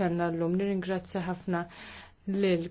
kellna l-lum. Nirringrazzja ħafna lil